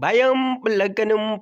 Bayan ɓullar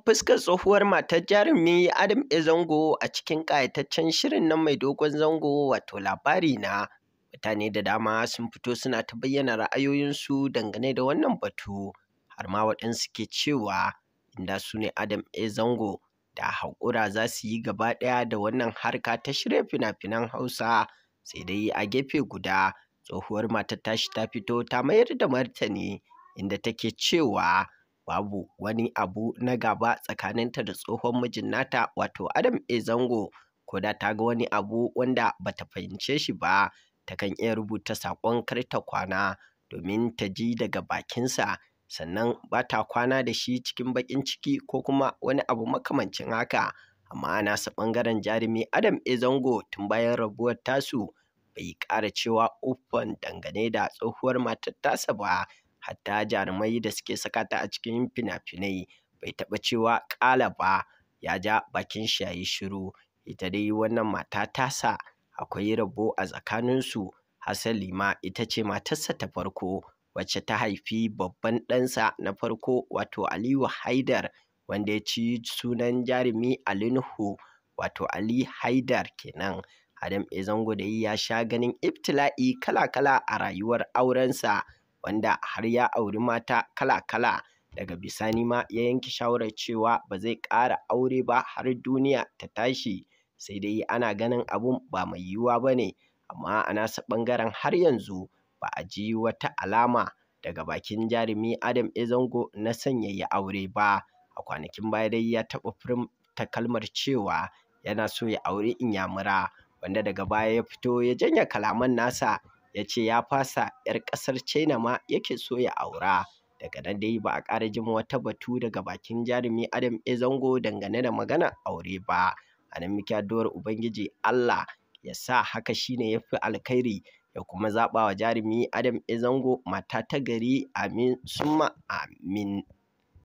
fuskar tsohuwar matar jarumi Adam e Zango a cikin ƙayataccen shirin nan mai dogon zango wato labari na mutane da dama sun fito suna ta bayyana ra'ayoyinsu dangane da wannan batu har ma waɗansu ke cewa inda su ne Adam e Zango da haƙura za su yi gaba ɗaya da wannan harka ta shirya fina-finan Hausa sai dai a gefe guda tsohuwar matar tashi ta fito ta mayar da martani inda take cewa babu wani abu na gaba tsakaninta da tsohon mijin nata wato Adam E Zango ko da ta ga wani abu wanda bata fahimce shi ba takan iya rubuta saƙon karta kwana domin ta ji daga bakinsa sannan ba ta kwana da shi cikin baƙin ciki ko kuma wani abu makamancin haka amma ana nasa ɓangaren jarumi Adam E Zango tun bayan rabuwar tasu bai ƙara cewa uffan dangane da tsohuwar matar tasa ba hatta jarumai da suke sakata a cikin fina-finai bai taɓa cewa ƙala ba ya ja bakin shi yayi shiru ita dai wannan mata tasa akwai rabo a tsakaninsu hasali ma ita ce matarsa ta farko wacce ta haifi babban ɗansa na farko wato Aliyu Haidar wanda ya ci sunan jarumi Ali Nuhu wato Ali Haidar kenan Adam Ezango da ya sha ganin ibtila'i kala-kala a rayuwar aurensa wanda har ya auri mata kala-kala daga bisani ma ya yanke shawarar cewa ba zai ƙara aure ba har duniya ta tashi sai dai ana ganin abun ba mai yiwuwa ba ne amma a nasa ɓangaren har yanzu ba a ji wata alama daga bakin jarumi Adam Ezango na sanya ya aure ba a kwanakin baya dai ya taɓa ta kalmar cewa yana so ya auri inyamura wanda daga baya ya fito ya janye kalaman nasa ya ce ya fasa 'yar ƙasar China ma yake so ya aura. Daga nan dai ba a ƙara jin wata batu daga bakin jarumi Adam E. Zango dangane da magana aure ba. A nan muke addu'ar Ubangiji Allah ya sa haka shine ya fi alkhairi ya kuma zaɓa wa jarumi Adam E. Zango mata ta gari amin suma amin.